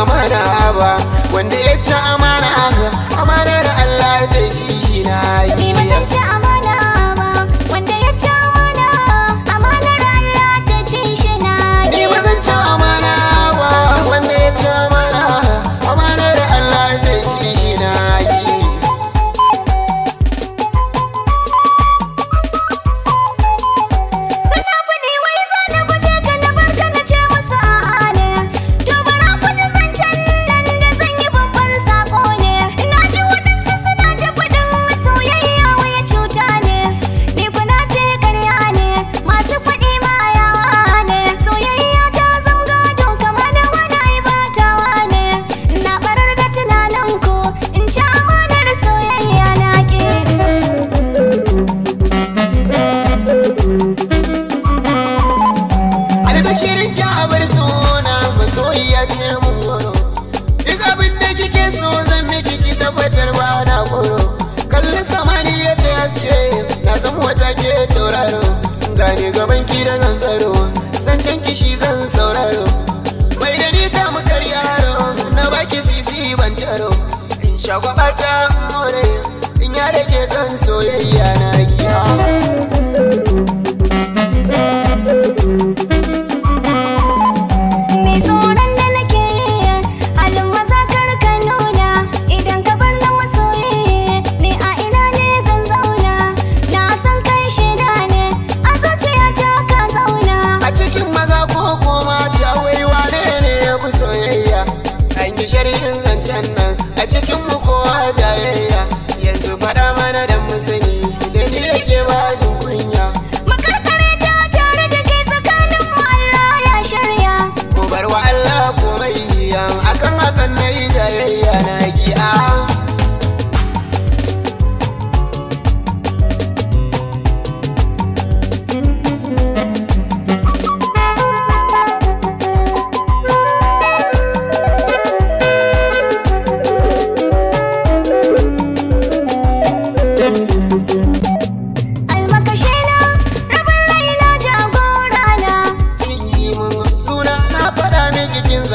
amana ba wanda ya ci amana amana da Allah da shi shi na yi shirin kyabar suna masoyiya ce mun goro duk abin da kike so zan miki ki tabbatar ba na goro kalli samaniya ta haske na zama wata ke tauraro gane gaban ki da zan tsaro zancen kishi zan sauraro mai da ni ta mukar yaro na baki sisi ban taro in shagwaba ta more in ya rake ke kan soyayya na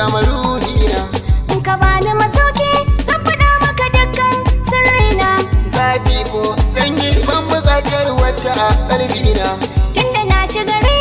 zama ruhina in ka bani masauki zan faɗa maka dukkan sirrina zafi ko sanyi ban buƙatar wata a ƙarfina tunda na ci gari